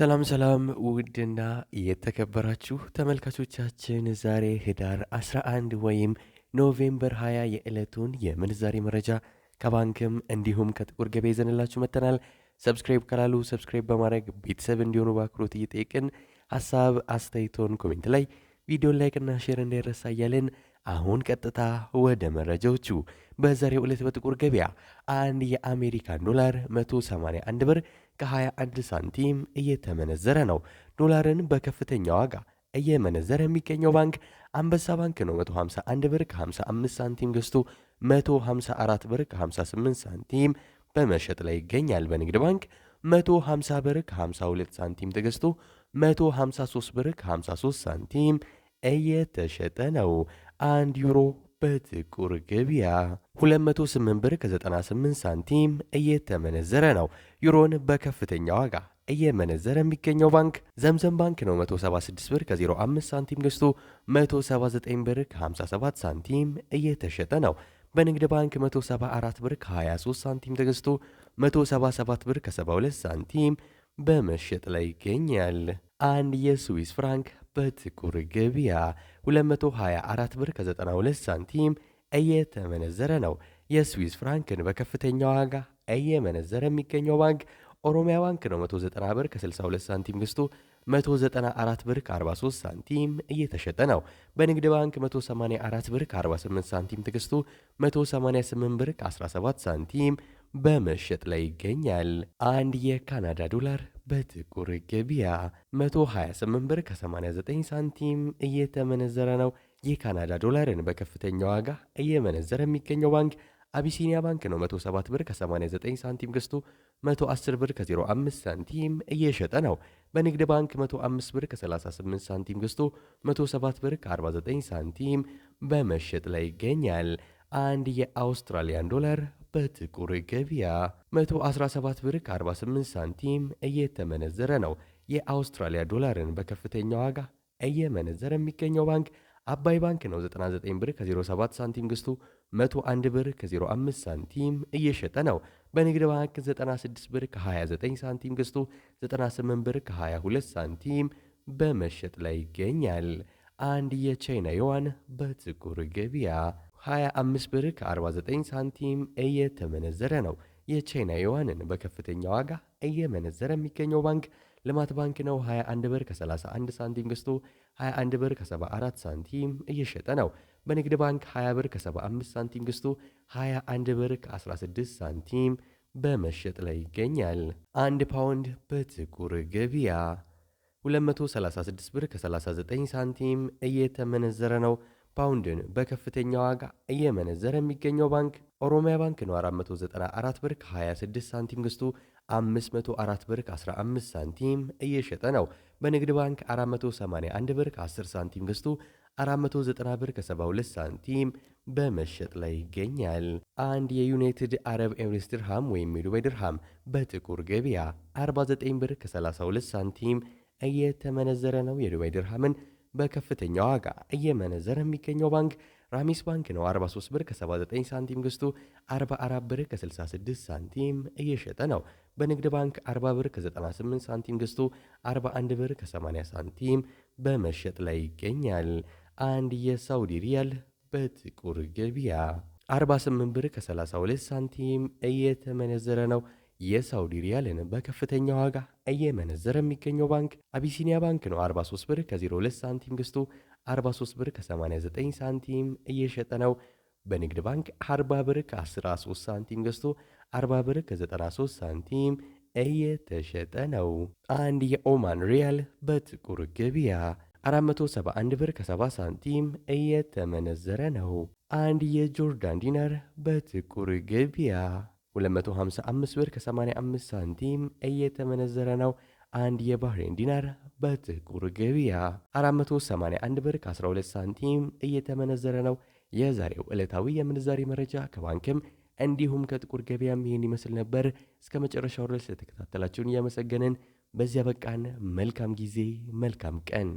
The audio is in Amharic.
ሰላም ሰላም ውድና የተከበራችሁ ተመልካቾቻችን ዛሬ ህዳር 11 ወይም ኖቬምበር 20 የዕለቱን የምንዛሬ መረጃ ከባንክም እንዲሁም ከጥቁር ገበያ ይዘንላችሁ መጥተናል። ሰብስክራይብ ካላሉ ሰብስክራይብ በማድረግ ቤተሰብ እንዲሆኑ በአክብሮት እየጠየቅን ሀሳብ አስተያየቶን ኮሜንት ላይ ቪዲዮን ላይክና ሼር እንዳይረሳ እያልን አሁን ቀጥታ ወደ መረጃዎቹ። በዛሬው ዕለት በጥቁር ገበያ አንድ የአሜሪካን ዶላር 181 ብር ከ21 ሳንቲም እየተመነዘረ ነው። ዶላርን በከፍተኛ ዋጋ እየመነዘረ የሚገኘው ባንክ አንበሳ ባንክ ነው። 151 ብር ከ55 ሳንቲም ገዝቶ 154 ብር ከ58 ሳንቲም በመሸጥ ላይ ይገኛል። በንግድ ባንክ 150 ብር ከ52 ሳንቲም ተገዝቶ 153 ብር ከ53 ሳንቲም እየተሸጠ ነው። አንድ ዩሮ በጥቁር ገበያ 208 ብር ከ98 ሳንቲም እየተመነዘረ ነው። ዩሮን በከፍተኛ ዋጋ እየመነዘረ የሚገኘው ባንክ ዘምዘም ባንክ ነው። 176 ብር ከ05 ሳንቲም ገዝቶ 179 ብር ከ57 ሳንቲም እየተሸጠ ነው። በንግድ ባንክ 174 ብር ከ23 ሳንቲም ተገዝቶ 177 ብር ከ72 ሳንቲም በመሸጥ ላይ ይገኛል። አንድ የስዊስ ፍራንክ በጥቁር ገበያ 224 ብር ከ92 ሳንቲም እየተመነዘረ ነው። የስዊስ ፍራንክን በከፍተኛ ዋጋ እየመነዘረ የሚገኘው ባንክ ኦሮሚያ ባንክ ነው። 190 ብር ከ62 ሳንቲም ገዝቶ 194 ብር ከ43 ሳንቲም እየተሸጠ ነው። በንግድ ባንክ 184 ብር ከ48 ሳንቲም ተገዝቶ 188 ብር ከ17 ሳንቲም በመሸጥ ላይ ይገኛል። አንድ የካናዳ ዶላር በጥቁር ገበያ 128 ብር ከ89 ሳንቲም እየተመነዘረ ነው። የካናዳ ዶላርን በከፍተኛ ዋጋ እየመነዘረ የሚገኘው ባንክ አቢሲኒያ ባንክ ነው። 107 ብር ከ89 ሳንቲም ገዝቶ 110 ብር ከ05 ሳንቲም እየሸጠ ነው። በንግድ ባንክ 105 ብር ከ38 ሳንቲም ገዝቶ 107 ብር ከ49 ሳንቲም በመሸጥ ላይ ይገኛል። አንድ የአውስትራሊያን ዶላር በጥቁር ገበያ 117 ብር ከ48 ሳንቲም እየተመነዘረ ነው። የአውስትራሊያ ዶላርን በከፍተኛ ዋጋ እየመነዘረ የሚገኘው ባንክ አባይ ባንክ ነው። 99 ብር ከ07 ሳንቲም ግስቱ 101 ብር ከ05 ሳንቲም እየሸጠ ነው። በንግድ ባንክ 96 ብር ከ29 ሳንቲም ግስቱ 98 ብር ከ22 ሳንቲም በመሸጥ ላይ ይገኛል። አንድ የቻይና ዩዋን በጥቁር ገበያ 25 ብር ከ49 ሳንቲም እየተመነዘረ ነው። የቻይና ዩዋንን በከፍተኛ ዋጋ እየመነዘረ የሚገኘው ባንክ ልማት ባንክ ነው። 21 ብር ከ31 ሳንቲም ገዝቶ 21 ብር ከ74 ሳንቲም እየሸጠ ነው። በንግድ ባንክ 20 ብር ከ75 ሳንቲም ገዝቶ 21 ብር ከ16 ሳንቲም በመሸጥ ላይ ይገኛል። አንድ ፓውንድ በጥቁር ገበያ 236 ብር ከ39 ሳንቲም እየተመነዘረ ነው። ፓውንድን በከፍተኛ ዋጋ እየመነዘረ የሚገኘው ባንክ ኦሮሚያ ባንክ ነው። 494 ብር ከ26 ሳንቲም ግስቱ 504 ብር ከ15 ሳንቲም እየሸጠ ነው። በንግድ ባንክ 481 ብር ከ10 ሳንቲም ግስቱ 490 ብር ከ72 ሳንቲም በመሸጥ ላይ ይገኛል። አንድ የዩናይትድ አረብ ኤምሬትስ ድርሃም ወይም የዱባይ ድርሃም በጥቁር ገበያ 49 ብር ከ32 ሳንቲም እየተመነዘረ ነው። የዱባይ ድርሃምን በከፍተኛ ዋጋ እየመነዘረ የሚገኘው ባንክ ራሚስ ባንክ ነው። 43 ብር ከ79 ሳንቲም ገዝቶ 44 ብር ከ66 ሳንቲም እየሸጠ ነው። በንግድ ባንክ 40 ብር ከ98 ሳንቲም ገዝቶ 41 ብር ከ80 ሳንቲም በመሸጥ ላይ ይገኛል። አንድ የሳውዲ ሪያል በጥቁር ገበያ 48 ብር ከ32 ሳንቲም እየተመነዘረ ነው። የሳውዲ ሪያልን በከፍተኛ ዋጋ እየመነዘረ የሚገኘው ባንክ አቢሲኒያ ባንክ ነው። 43 ብር ከ02 ሳንቲም ገዝቶ 43 ብር ከ89 ሳንቲም እየሸጠ ነው። በንግድ ባንክ 40 ብር ከ13 ሳንቲም ገዝቶ 40 ብር ከ93 ሳንቲም እየተሸጠ ነው። አንድ የኦማን ሪያል በጥቁር ገበያ 471 ብር ከ70 ሳንቲም እየተመነዘረ ነው። አንድ የጆርዳን ዲናር በጥቁር ገበያ 255 ብር ከ85 ሳንቲም እየተመነዘረ ነው። አንድ የባህሬን ዲናር በጥቁር ገበያ 481 ብር ከ12 ሳንቲም እየተመነዘረ ነው። የዛሬው ዕለታዊ የምንዛሬ መረጃ ከባንክም እንዲሁም ከጥቁር ገበያም ይህን ይመስል ነበር። እስከ መጨረሻው ድረስ ስለተከታተላችሁን እያመሰገንን በዚያ በቃን። መልካም ጊዜ፣ መልካም ቀን